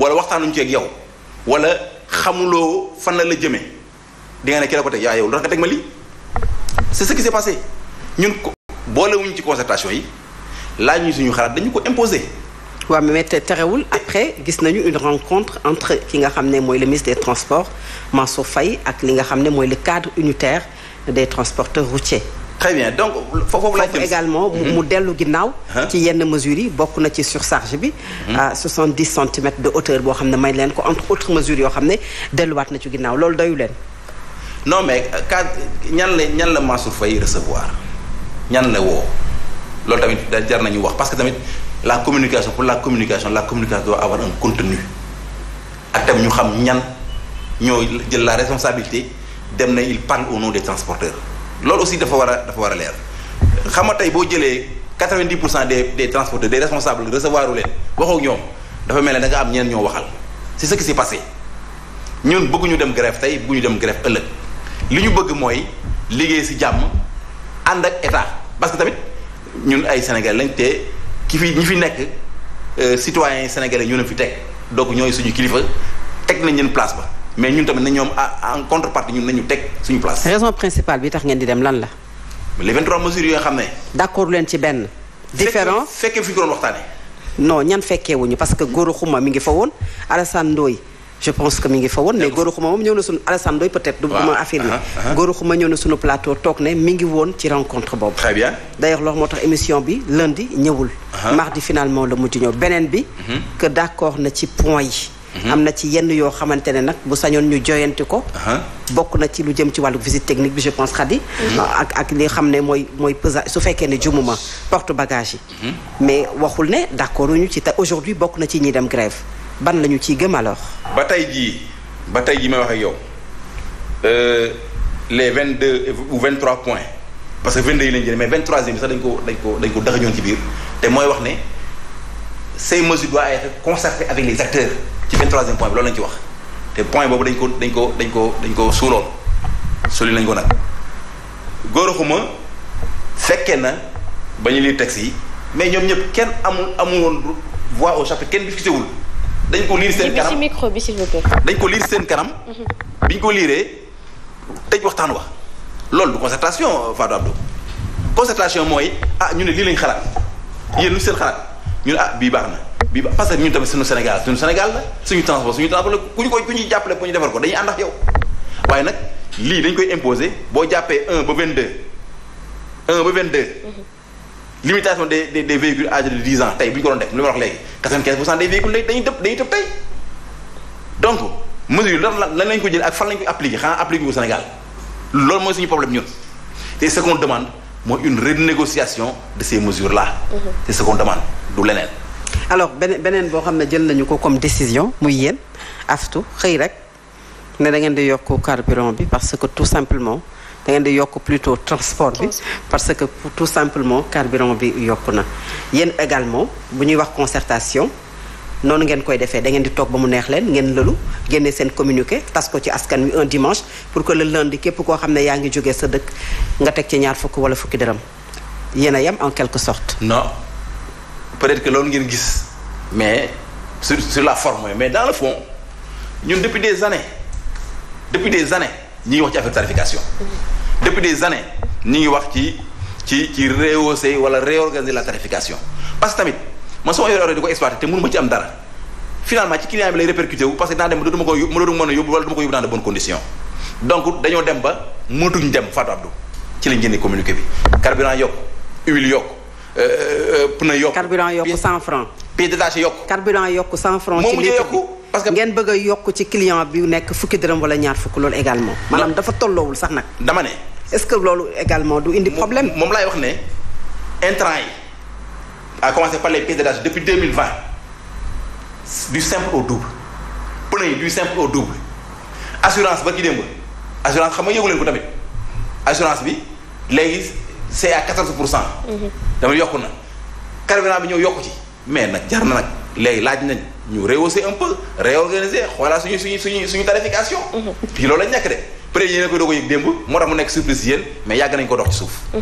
wala waxtaanuñ ci ak yow wala xamuloo fan la la jëmee di nga ne ki la ko teg yaa yow lu tax nga teg ma li c'est ce qui s'est passé ñun boolewuñ ci concertation yi laaj ñu suñu xalaat dañu ko imposer. waaw mais terewul après gis nañu une rencontre entre ki nga xam ne mooy le ministre des transports Mansour fay ak li nga xam ne mooy le cadre unitaire des transporteurs routiers très bien donc foofu laay foofu également mhm. mu dellu ginnaaw. ci yenn mesures yi bokk na ci surcharge bi. Mhm. à 70 centimètres de hauteur boo xam ne may leen ko entre autres mesures yoo xam ne delluwaat na ci ginnaaw loolu doyu leen. non mais ka ñan la ñan la Mansour Faye recevoir ñan la woo loolu tamit da jar nañu wax parce que tamit la communication pour la communication la communication doit avoir un contenu ak tamit ñu xam ñan ñoo jël la responsabilité dem na il parle au nom des transporteurs. loolu aussi dafa war a dafa war a leer xam nga tey boo jëlee 90 pour cent des des transporteurs des responsables recevoiru leen waxoo ñoom dafa mel ne danga nga am ñeen ñoo waxal c'est ce qui s'est passé ñun bëgguñu dem grève tey bëgguñu dem grève ëllëg li ñu bëgg mooy liggéey si jàmm ànd ak état parce que tamit ñun ay sénégalais lañ te ki fi ñi fi nekk euh, citoyens sénégalais ñu leen fi teg donc ñooy suñu kilifa teg nañ ñeen place ba. mais ñun tamit na ñoom ah, en contrepartie ñun nañu teg suñu place. raison principale bi tax ngeen di dem lan la. les 23 mesures yi xam ne. d' accord leen ci benn. différent fekkee fi ñu ko doon waxtaanee. non ñan fekkee wuñu parce que Gora Khouma mi ngi fa woon Alassane Ndoye je pense que mi ngi fa woon mais Gora Khouma moom ñëw na suñu Alassane Ndoye peut-être. waaw du ma affirmer. Ah, ah, Gora Khouma ñëw na suñu plateau toog ne mi ngi woon ci rencontre boobu. très bien loolu moo tax émission bi lundi ñëwul. mardi finalement la mujj ñëw beneen bi. Mhm. que na ci point yi. Mm-hmm. am na ci yenn yoo xamante ne nag bu sañoon ñu joyanti ko uh-huh. bokk na ci lu jëm ci wàllu visite technique bi je pense xadi mm-hmm. uh, ak ak li xam ne mooy mooy pesage su fekkee ne jumuma portu bagage yi mm-hmm. mais waxul ne d'accord ñu ci te aujourd'hui bokk na ci ñi dem grève ban la ñu ciy gëm alors ba tey jii ba tey jii may waxee yow euh, les vingt deux ou vingt trois points parce que vingt deux yi lañ jëlee mais vingt troisième bi sax dañ ko dañ ko dañ ko ci biir te mooy wax ne ces mesures doivent être concertées avec les ci 23e point bi loolu lañ ci wax te point boobu dañ ko dañ ko dañ ko dañ ko suuloon suli lañ ko nag góor xuma fekkee na ba ñu lire texte yi mais ñoom ñëpp kenn amul amul woon voix au chapitre kenn discuté wul dañ ko liir seen kanam micro bi s'il vous plaît dañ ko liir seen kanam mm-hmm. bi ñu ko liiree tëj waxtaan wax loolu du concertation Fadou Abdou concertation mooy ah ñu ne lii lañ xalaat yéen lu seen xalaat ñu ne ah bii baax na bii baax parce que ñun tamit suñu Sénégal suñu Sénégal la transport suñu transport la ku ñu koy ku ñuy jàppale pour ñu defar ko dañuy ànd ak yow waaye nag lii dañ koy imposer boo jàppee un ba vingt deux un ba vingt deux mhm. limitation des des des véhicules âgés de dix ans tey bu ñu ko doon def li ma wax léegi quatre-vingt-quinze pour cent des véhicules léegi dañuy tëb dañuy tëb tey donc mesure yi lan lan lañ ko jël ak fan lañ ko appliqué xanaa appliqué ko Sénégal loolu mooy suñu problème ñun te demande mooy une renégociation de ces mesures là. Mhm. c'est ce qu'on demande du leneen. alors beneen beneen boo xam ne jël nañu ko comme décision muy yéen aftu xëy rek ne da ngeen di yokk carburant bi parce que tout simplement da ngeen di yokk pluto transport bi parce que tout simplement carburant bi yokk na yéen également bu ñuy wax concertation. noonu ngeen koy defee da ngeen di toog ba mu neex leen ngeen lëlu génne seen communiqué tas ko ci askan wi un dimanche pour que le lundi képp koo xam ne yaa ngi jógee sa dëkk nga teg ci ñaar fukk wala fukki dërëm yéen a yem en quelque sorte. non peut-être que loolu ngeen gis mais sur sur la forme mais dans le fond ñun depuis des années depuis des années ñi ngi wax ci affaire tarification. depuis des années ñi ngi wax ci ci ci rehausser wala réorganiser la tarification man sama yore di ko exploité te mënu ma ci am dara finalement ci client bi lay répercuté parce que dinaa dem ba a yóbbu wala du ma ko yóbbu dans de bonnes conditions donc dañoo dem ba mënatuñ dem Fatou Abdou ci lañ génne communiqué bi carburant yokk huile yokk euh, euh, na yokk carburant yokk cent francs pièces détachées yokk carburant yokk cent francs moom mujjee yokku parce que a yokk ci client bi nekk fukki dërëm wala ñaar fukk loolu également maanaam dafa tolloowul sax nag dama ne est-ce que loolu également du indi problème moom laay wax ne intrant yi à commencer par les pièces détachées depuis 2020 du simple au double pneu yi du simple au double assurance ba ki démb assurance xam nga yëgu leen ko tamit assurance bi léegi c'est à 14 pour cent. Mhm. dama yokku na carburant bi ñëw yokku ci mais nag jar na nag léegi laaj nañ ñu rehausser un peu réorganiser xoolaa suñu suñu suñu suñu tarification. ci mhm. loolu lañ nekk de peut-être yéen a koy doog a yëg démb moo tax mu nekk surprise yéen mais yàgg nañ ko dox ci suuf. Mhm.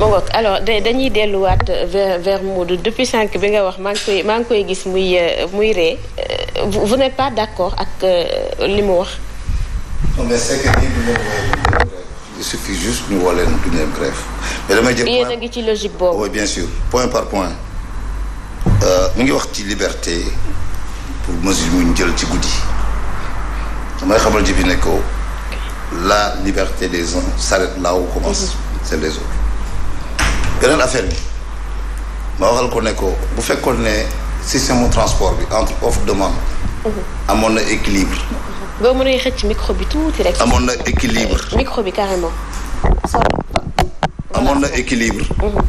ak alors dañuy delluwaat vers vers Moodu depuis cinq bi nga wax maa ngi koy maa ngi koy gis muy euh, muy ree euh, vous n'êtes pas d'accord ak euh, li mu wax. non mais c'est que il juste ñu woo leen du mais damay jël yéen ngi ci logique boobu. oui bien sûr point par point mu ngi wax ci liberté pour mesure mu ñu jël ci guddi damay xamal ji bi ne ko la liberté des uns s'arrête là où celle mm-hmm. des autres. beneen affaire bi ma waxal ko ne ko bu fekkoon ne système mu transport bi entre offre demande. Mhm. amoon na équilibre. boo mhm. mënee xëcc micro bi tuuti rek. amoon na équilibre. Eh, micro bi carrément. amoon na équilibre. Mhm.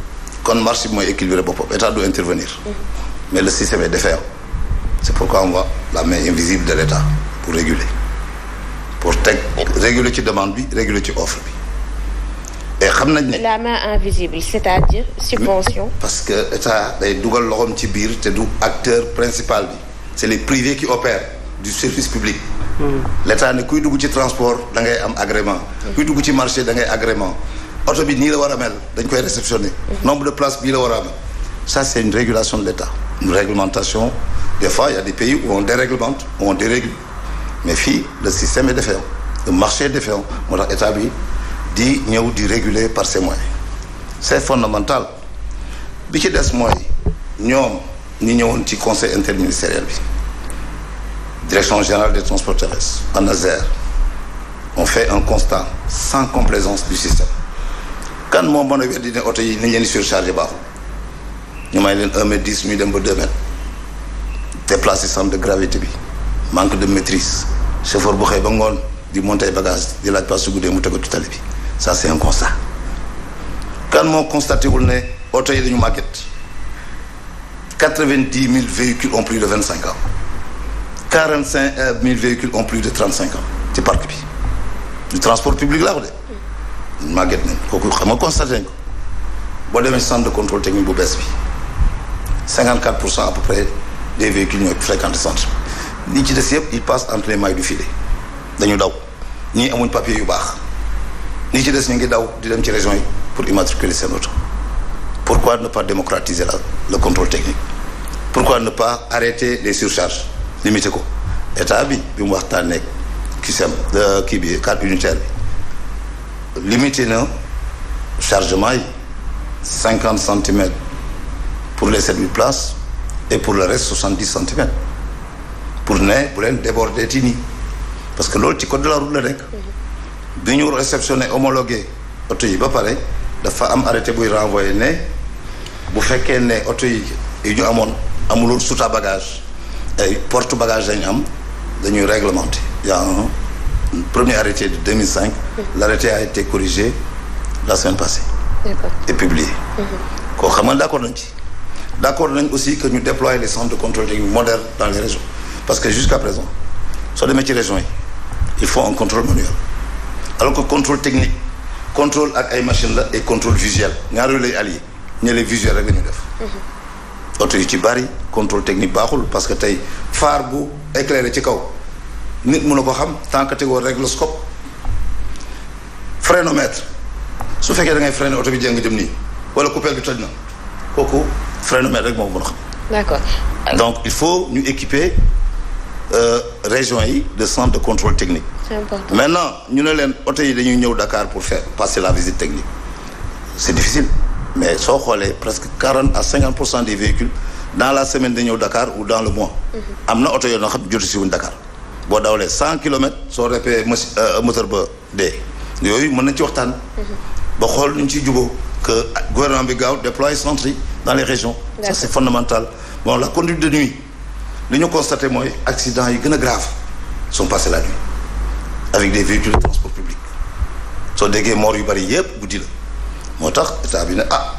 kon marché bi mooy équilibré boppam état du intervenir. mais le système defee défaillant. c'est pourquoi on voit la mais invisible del l'état pour réguler pour teg réguler ci demande bi réguler ci offre bi. xam nañ ne. la main invisible c'est-à-dire parce que état day dugal loxoom ci biir te du acteur principal bi c'est les privés qui opèrent du service public. Hmm. l'état ne kuy dugg ci transport da ngay am agrément. Hmm. kuy dugg ci marché da ngay agrément oto bi nii la war a mel dañ koy réceptionner. Hmm. nombre de places bii la war a am ça c'est une régulation de l'état une réglementation des fois il y a des pays où on déréglemente où on dérègle mais fii le système est défaillant le marché est défaillant moo bi. di ñëw di réguler par ces moyens c'est fondamental bi ci des mooy ñoom ñi ñëwoon ci conseil interministériel bi direction générale des transports terrestres ANASER on fait un constat sans complaisance du système kan moom mën a weddi ne oto yi nañ leen surchargé baaxul ñu may leen un mètre dix ñuy dem ba deux mètres déplacer centre de gravité bi manque de maîtrise chauffeur bu xëy ba ngoon di monter bagage di la pas su guddee mu tëggatu tali bi ça c'est un constat kan moo constaté wul ne oto yi dañu màgget quatre-vingt-dix mille véhicules ont plus de vingt cinq ans quarante cinq mille véhicules ont plus de cinq ci parc bi du transport public laa ko de màgget nañ kooku xam nga constaté ko boo demee centre de contrôle technique bu bees bi cinquante quatre pour cent à peu près des véhicules ñooy fréquenté centre li ci des yëpp ils passent entre les mailles du filet dañu daw ñii amuñ papier yu baax ñi ci des ñu ngi daw di dem ci région yi pour immatriculer seen oto pourquoi ne pas démocratiser la le contrôle technique pourquoi ne pas arrêter les surcharges limiter ko état bi bi mu waxtaanee kisèm e kii bi cadre unitaire bi limité na chargement yi cinquante centimètres pour les sept mille places et pour le reste soixante dix centimètres pour ne bu leen déborder ti parce que loolu ci code de la route la nekk bi ñu réceptionné homologué oto yi ba pare dafa am arrêté buy renvoyé ne bu fekkee ne oto yi ñu amoon amuloon soute à bagage porte bagage dañu am dañuy réglementé y un premier arrêté de 2005 l'arrêté a été corrigé la semaine passée et publié mhm. koo xam nga d'accord nañ ci d'accord nañ aussi que ñu déployer le centres de contrôle technique modernes dans les régions parce que jusqu'à présent soo demee ci région yi il font un contrôle manuel alors que contrôle technique contrôle ak ay machine la et contrôle visuel ñaar yooyu lay allié ñële visuel rek la ñuy def mhm. oto yu ci bari contrôle technique baaxul parce que tey phare bu éclairé ci kaw nit mun na ko xam tant que tegoo régloscope frénomètre su fekkee da ngay freiné oto bi jëng jëm nii wala coupelle bi toj na kooku frénomètre rek moom ko a xam donc il faut ñu équiper euh, région yi de centre de contrôle technique c'est maintenant ñu ne leen oto yi dañuy ñëw dakaar pour faire passer la visite technique c'est difficile mais soo xoolee presque quarante à cinquante pour cent des véhicules dans la semaine dañuy ñëw Dakar ou dans le mois. Mm-hmm. am na oto yoo xam jotu si wuñ Dakar boo dawalee cent kilomètres soo repee euh, moteur ba dee yooyu mën nañ ci waxtaan. Mm-hmm. ba xool nu ñu ciy jubóo que gouvernement bi gaaw déploie centre yi dans les régions. ça c'est fondamental bon la conduite de nuit li ñu constaté mooy accident yi gën a grave sont passés avec des véhicules transport public soo déggee moor yu bëri yëpp guddi la moo tax état bi ne ah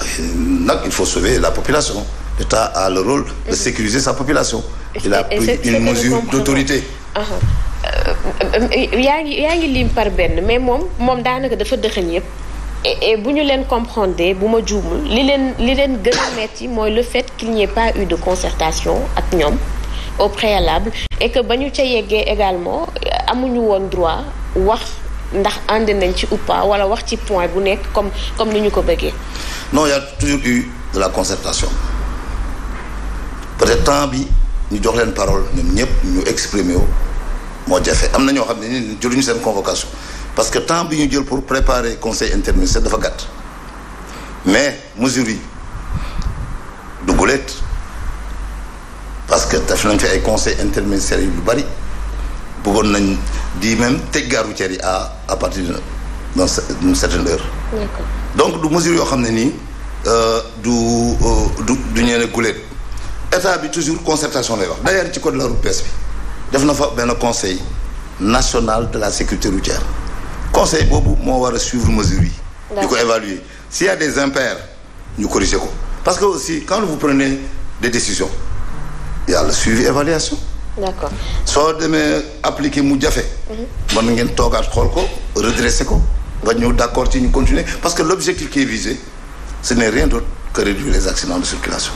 nag il faut sauver la population l'état a le rôle de sécuriser sa population il a pris une mesure d'autorité ah, ah. Euh, yaa ngi yaa ngi lim par benn mais moom moom daanaka dafa dëxëñ yëpp et bu ñu leen comprendre bu ma juumul li leen li leen gën a metti mooy le fait qu'il n'y ait pas eu de concertation ak ñoom au préalable et que ba ñu ca yeggee également amuñu woon droit wax ndax ànd nañ ci ou pas wala wax ci point bu nekk comme comme ni ñu ko bëggee. non y a toujours eu de la concertation peut-être temps bi ñu jox leen parole ñëpp ñu exprimer wu moo jafe am na ñoo xam ne jëluñu seen convocation parce que temps bi ñu jël pour préparer conseil interministériel dafa gàtt mais mesures yi du guleet parce que daf nañ fi ay conseil yi yu bari. bëggoon nañ di même tëj gare routière yi à à partir d'une certaine heure. donc du mesure yoo xam ne nii euh, euh, du du du ñeene guléet état bi toujours concertation lay wax d'ailleurs ci code de la route bees bi def na fa benn conseil national de la sécurité routière conseil boobu moo war a suivre mesure yi. ñu ko évaluer s'il y des impairs ñu corriger ko parce que aussi quand vous prenez des décisions il y a évaluation. d'accord soo demee appliqué mu jafe. Mhm. mën ngeen toogaat xool ko redressé ko nga ñëw d'accord ci ñu continuer parce que l'objectif qui est visé ce n'est rien d'autre que réduire les accidents de circulation.